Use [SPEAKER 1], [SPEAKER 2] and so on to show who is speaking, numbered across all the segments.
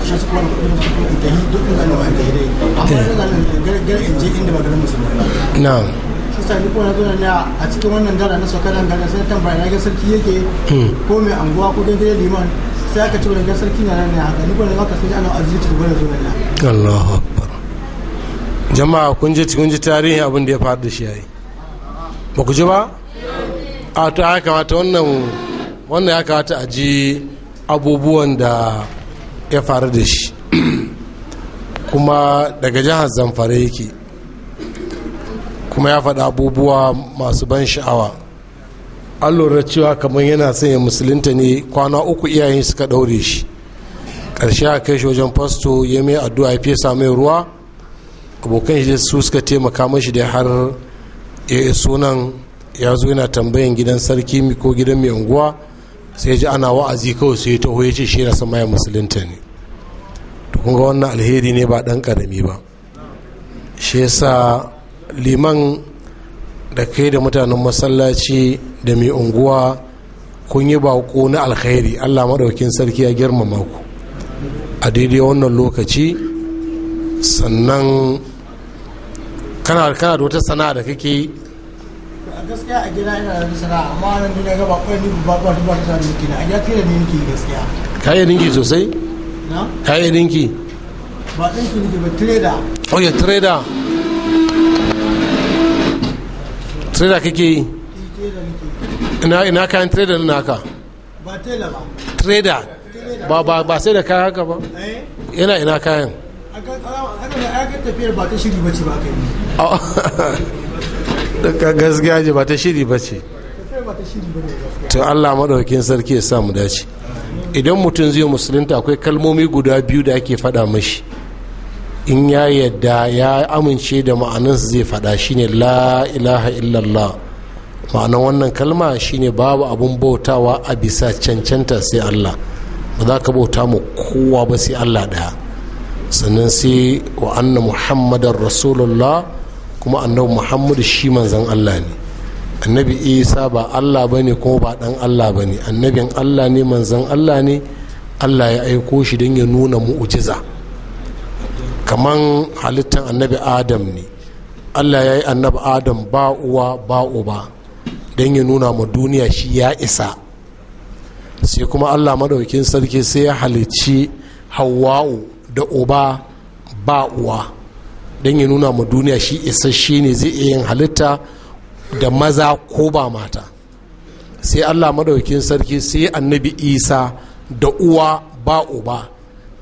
[SPEAKER 1] kushe su kuma kudin na'am a cikin wannan dara na sai tambaya na sarki yake hmm. ko mai anguwa ko liman sai aka wani sarki na nan haka sai ana zuwa na akbar jama'a kun je ji abin da ya faru da shi yayi ba ku ji ba a to kamata wannan wannan ya kamata a ji abubuwan da ya faru da shi kuma daga jihar zamfara yake kuma ya faɗa abubuwa masu ban sha'awa an lura cewa kamar yana sanya musulunta ne kwana uku iyayen suka ɗaure shi ƙarshe a kai shi wajen fasto ya mai addu'a ya fesa mai ruwa abokan shi su suka taimaka mashi da har ya sunan ya zo yana tambayan gidan sarki ko gidan mai unguwa sai ji ana wa'azi kawai sai taho ya ce shi na sama musulunta ne to kun ga wannan alheri ne ba dan karami ba shi yasa liman da kai da mutanen masallaci da mai unguwa kun yi bako na alkhairi allah maɗaukin sarki ya girmama ku a daidai wannan lokaci sannan kana da wata sana'a da kake gaskiya a gida ina da sana'a amma nan ga bakwai ni ba ba ba ta da a gaskiya ka yi dinki sosai na ka yi dinki ba dinki nake ba trader oh ya trader trader kake eh, yi ina ina kayan trader na naka ba tela ba trader ba ba ba sai da kaya haka ba yana eh? ina kayan a ba ta shiri ba ce ba kai daga gaskiya ji ba ta shiri ba ce to allah maɗaukin sarki ya samu dace idan mutum zai musulunta akwai kalmomi guda biyu da ake faɗa mashi in ya yadda ya amince da ma'anansu zai faɗa shine la ilaha illallah ma'anan wannan kalma shine babu abun bautawa a bisa cancanta sai allah ba za ka bauta mu kowa ba sai allah ɗaya sannan sai wa anna muhammadan rasulullah kuma annabi muhammadu shi manzan allah ne annabi isa ba allah ba ne kuma ba dan allah ba ne annabin allah ne manzan allah ne allah ya aiko shi don ya nuna mu'ujiza kaman halittar annabi adam ne allah ya yi annabi adam ba uwa ba uba don ya nuna ma duniya shi ya isa sai kuma allah madaukin sarki sai ya halicci hawa'u da uba ba uwa don ya nuna ma duniya shi isasshe ne zai iya yin halitta da maza ko ba mata sai allah madaukin sarki sai annabi isa da uwa ba uba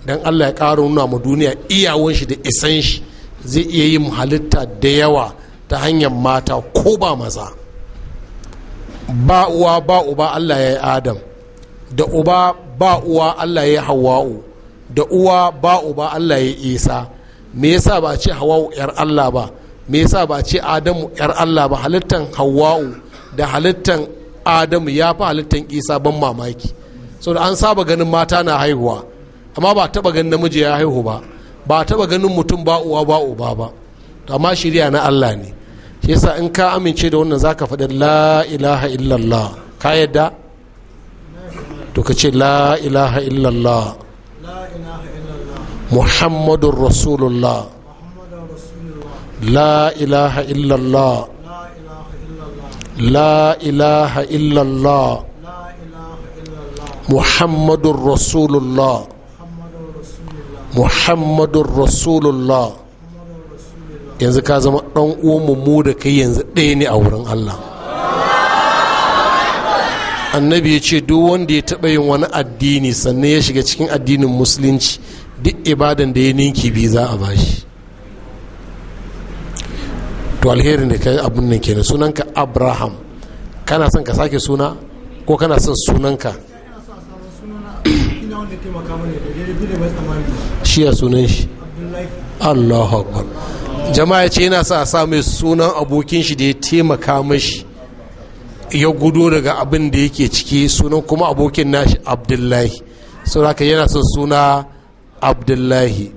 [SPEAKER 1] don allah ya ƙara nuna ma duniya iyawanshi shi da isan shi zai iya yin halitta da yawa ta hanyar mata ko ba maza ba uwa ba uba allah ya yi adam da uba ba uwa allah ya yi hawa'u da uwa ba uba allah ya yi isa me yasa ba ce hawa'u yar Allah ba me yasa ba ce adamu yar Allah ba halittan hawa'u da halittan adamu ya fi halittan isa ban mamaki da an saba ganin mata na haihuwa amma ba taba ganin namiji ya haihu ba ba taba ganin mutum ba uwa ba uba ba to amma shirya na Allah ne shi yasa in ka amince da wannan zaka faɗi la ilaha illallah ka yadda to ka ce la ilaha illallah محمد رسول الله لا إله إلا الله لا إله إلا الله محمد رسول الله محمد رسول الله yanzu ka zama ɗan uwanmu mu da kai yanzu ɗaya ne a wurin Allah annabi ya ce duk wanda ya taɓa yin wani addini sannan ya shiga cikin addinin musulunci duk ibadan da ya ninki bi za a bashi to alherin da ka abun nan kenan sunanka abraham kana son ka sake suna ko kana son sunanka shi ya sunan shi allahu akbar jama'a ya ce yana sa sa mai sunan abokin shi da ya taimaka mashi ya gudu daga abin da yake ciki sunan kuma abokin nashi abdullahi sauraka yana son suna abdullahi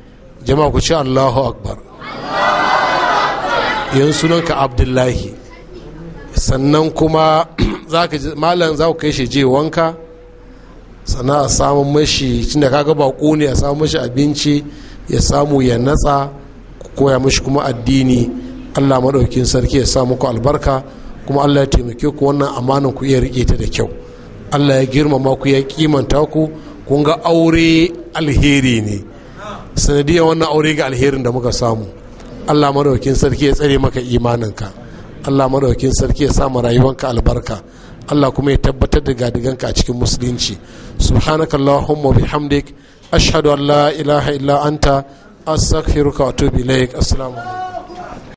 [SPEAKER 1] jama'a ku ce allahu akbar sunan sunanka abdullahi sannan kuma malam za ku kai shi je wanka sannan a samun mashi cinda kaga baƙo ne a samun mashi abinci ya samu ya natsa koya mashi kuma addini allah maɗaukin sarki ya samu ku albarka kuma allah ya taimake ku wannan amanan ku iya riƙe ta da kyau allah ya girmama ku ya kimanta ku kun ga aure alheri ne sanadiyar wannan aure ga alherin da muka samu allah madaukin sarki ya tsare maka imaninka allah madaukin sarki ya samu rayuwanka albarka allah kuma ya tabbatar da gadiganka a cikin musulunci subhanaka allahumma bihamdik ashhadu an la ilaha illa anta astaghfiruka wa atubu ilaik assalamu alaikum